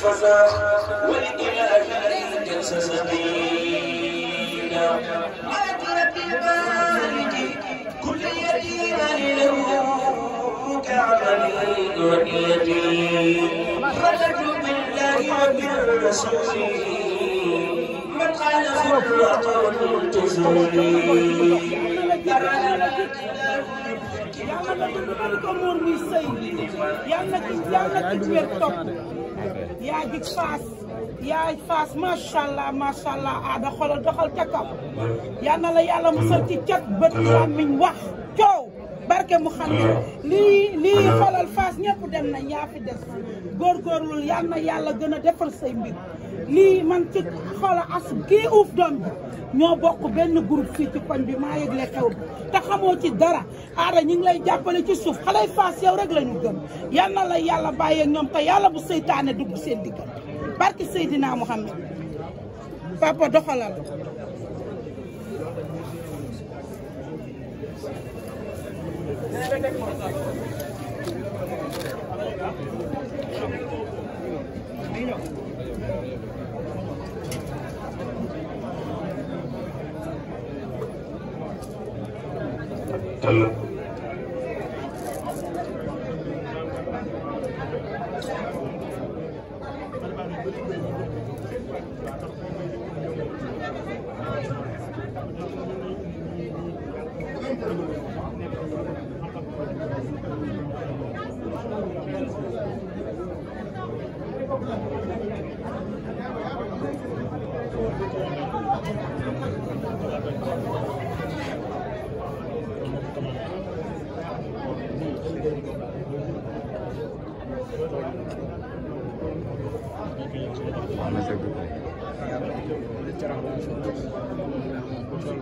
فزا ولإله أنجز سبيلا ملك ربي مالكي كل يتيم له كعملي رؤيتي رجت بالله وبالرسول من قال خطوة تزولي yàlla na ci yàlla na ci wér topp yaa jig faas yaa faas macha allah macha allah aada xoolal doxal ca kaw yal na la yàlla musal ci cat bët làmmiñ wax coow barke mu xam ne lii lii xoolal faas ñëpp dem nañ yaa fi des góorgóorlul yal na yàlla gën a defal say mbir lii man ci xoola as kii uuf doom bi ñoo bokk benn groupe fii ci bi maa yëgle xew bi te xamoo ci dara aada ñi lay jàppale ci suuf xale faas yow rek la ñu gëm la yàlla bàyyeeg ñoom te yàlla bu seytaane dugg seen diggante barki Seydina Mouhamed papa doxalal Thank you. ëllëg Thank you. Anlatabiliyor muyum?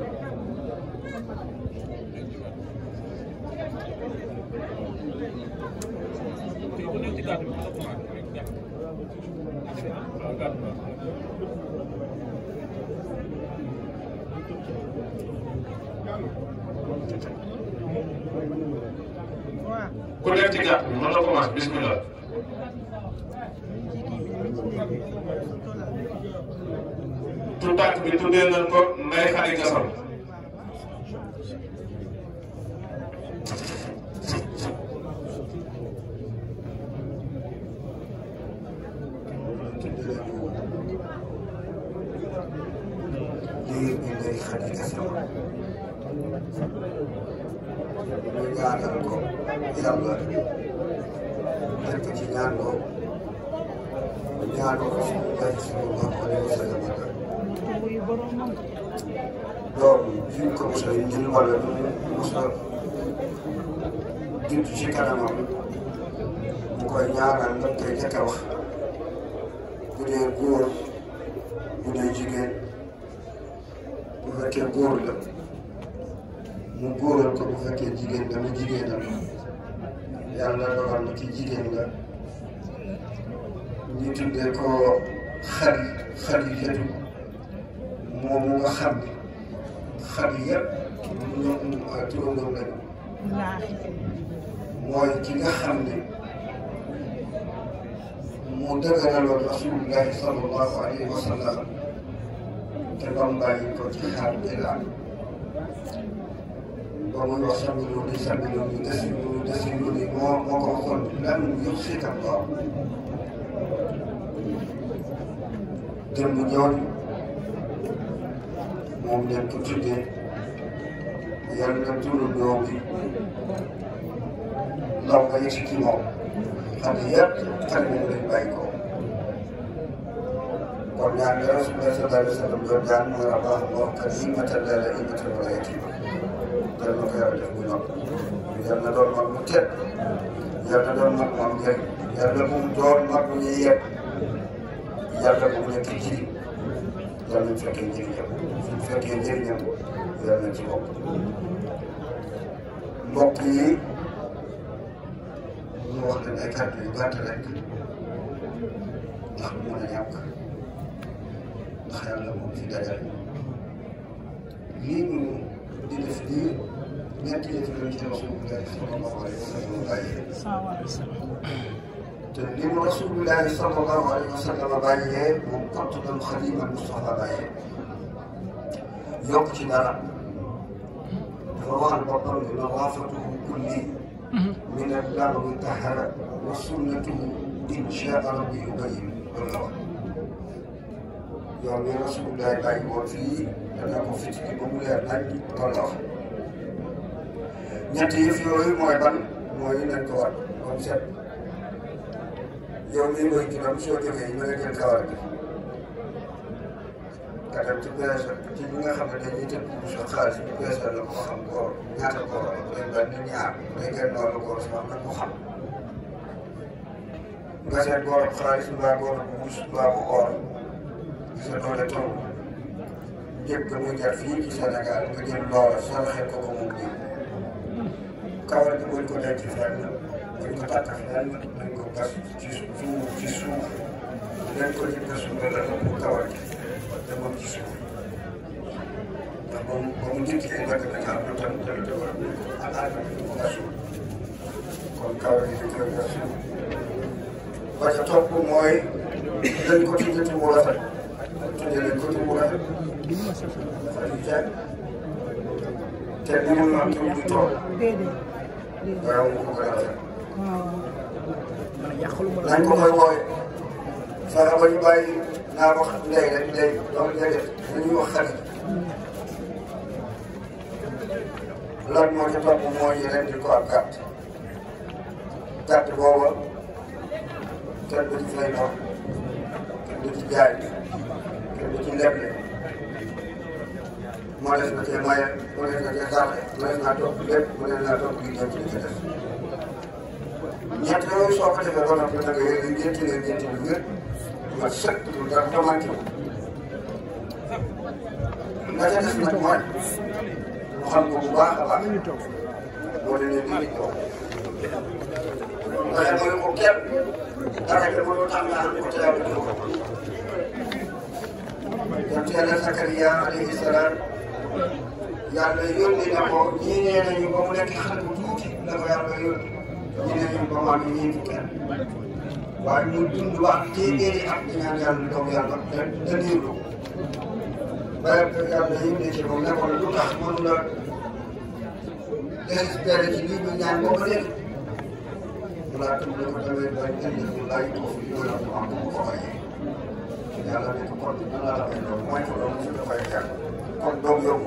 ku nekk ci gàtt bi mën na commencé bismillah tu tàkk bi tuddee nañ ko nday xari gasam yàlla nañ ko ci ñaan ko ñaanoo ko suñu yaay suñu mbokk wala doom bi ko mos a indil wala mos a jiitu ci kanamam mu koy ñaanal lan koy njëkk a wax bu dee góor bu dee jigéen bu fekkee góor la mu góoral ko bu fekkee jigéen la mu jigéenal yàlla dogal na ci jigéen la ñu tuddee ko xari xari yëpp. moom mu nga xam ne xam yëpp ñoom turandoom lañu mooy ki nga xam ne mu dëgëraloon rasulullahi sallallahu alayhi wa sallam te bam ko ci xaar bi laal ba muy wax sàmm yi di sàmm yi ñu des ñu des ñu ne moo moo ko waxoon lan yëpp si tam quoi. jëmm moom ngeen ko tuddee yal na turu ñoo bi ndaw nga yëg ci moom xam ne yëpp xel mi lañ bàyyi ko kon ñaan nga Rasulullah sallallahu alayhi wa sallam doon ñaan mooy Allah wax ka nii ma tëddee la imata walayati yal na ko yàlla def bu nopp yal na doon mag mu tedd yal na doon mag moom njëriñ yal na bu mu doon mag mu ñuy yëpp yal na bu mu nekk ci yal na fekkee njëriñ yëpp fekkee njëriñam yal nañ ci bokk mbokk yi ñu wax leen ay kàddu yu gàtt rek ndax mën a ñàkk ndax yàlla moom fi dajal lii ñu di def nii ñetti yëf lañ ci rasulullah sallallahu alayhi wa sallam bàyyi mu rasulullahi sallallahu alayhi wa sallam bàyyee moom kott dal xalima Mustafa bàyyee yokk ci dara dafa waxal boppam ne nazaafatuhu kulli min ad-dar mutahhara wa sunnatuhu insha rabbi yubayyin loolu la wax yoon bi Rasulullah bàyyi woon fii dana ko fitiki ba mu leer nañ loolu la wax ñett yëf yooyu mooy ban mooy nañ ko war kon seet yow mii mooy ginnaaw soo jógee ñu ngi leen kawar bi te tam ci weesu ci ñi nga xam ne dañuy tëb sa xaalis ci weesu la ko xam koor ñaata koor ak ñoom daal nit ñaar day loolu koor si nga ko xam. nga seet koor ak xaalis mbaa koor bu mus mbaa bu koor sa doole taw jëpp ko muy jar fii ci Sénégal nga jël loola saraxee ko ko moom jiw. kawar bi buñ ko denc fenn buñ ko takk fenn nañ ko gas ci suuf ci suuf nañ ko jënd suuf la dafa pour kawar gi. demoon ci suuf ndax ba mu ba mu njëkkee nag dafa am lu tax dana defar à la kon kaw yi dañ koy verser ba ca topp mooy dañ ko tuddati bu rafet tuddee dañ ko tudd bu rafet te li mu naan tudd du tool waaw mu ko gën a rafet. nañ ko koy wooyee. fexe ba ñu bàyyi. naa ko Ndeye la Ndeye doomu Ndeye wax xarit loolu moo ci topp mooy rendi ko ab gàtt gàtt booba kenn du ci fay noor kenn du ci jaay kenn du ci leble moo des na cee maye moo des na cee saaxe moo des naa topp lépp moo des naa topp gi ñëw ci li ci des ñett yooyu respecté la demande la ca def nag mooy ñu xam ko bu baax a baax moo demee nii lañ toog ndax mooy ko kenn daanaka mënoo tax naa am ko ca yàlla dugg ko. donc yàlla Sakariya alayhi salaam yàlla yónni na ko ñii nee nañu ba mu nekk xale bu tuuti la ko yàlla yónni ñii nee nañu ba mu am ñeenti kenn. waaye ñu dund wax téeméeri at di ñaan yàlla lu taw yàlla te néew ko. baykat yàlla yëngu ci moom nekkoon lu tax mënu la désespéré ci lii ñu ñaan boobu léegi. balaa tënk ko tamit ba indi ko laaj ko fi ñu la am bu ko bàyyee. yàlla ne ko kon dina la koy doon mooy ko doon mu dafay xel kon doom yomb.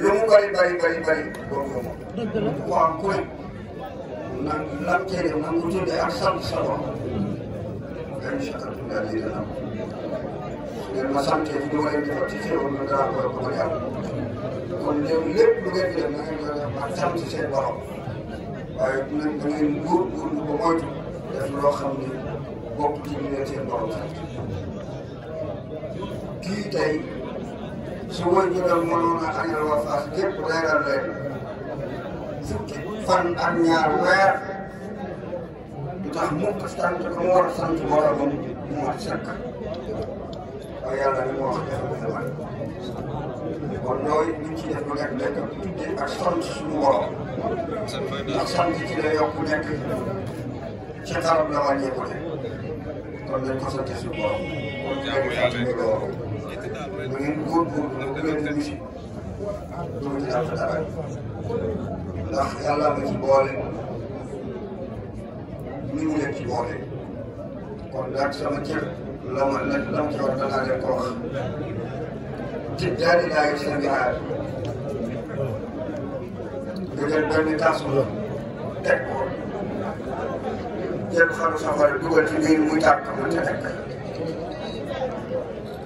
lu mu bari bari bari bari doom yomb. dëgg la ku am kuréel. na lam cee def na ko tuddee ak sa bopp dañu sakatulaa lii dana am su ngeen ma santee fi ma leen defal ci xéwal na dara koy ko yàlla kon lépp lépp lu ngeen di def na ngeen ko def ak sant seen borom waaye bu ngeen bu ngeen góorgóorlu ba moytu def loo xam ne bokk ci ñu ne seen borom sant kii tey su wëñ ñu dal mënoon a añal waa Fass gépp leeral leen fan ak ñaar weer du tax mukk sant ba mu war a sant boromam mu mat sëkk waaye yàlla li mu wax dëgg la kon loolu ñu ci def lu nekk nekk tuddee ak sant suñu borom ndax sant ci la yokk nekk ci xarab la wàññeeku ne kon nañ ko sant suñu borom kon jaamu yàlla ñu loolu da ngeen góorgóorlu da ngeen dugg si dugg ci dara ndax yàlla nga ci boole mu leen ci kon daal sama cër la ma la la ma ci war danaa leen ko wax ci daal di daal seen yaar nga jël benn tas bu teg ko jël xaru safara dugal ci biir muy tàkk ma ca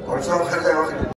kon soo xasee wax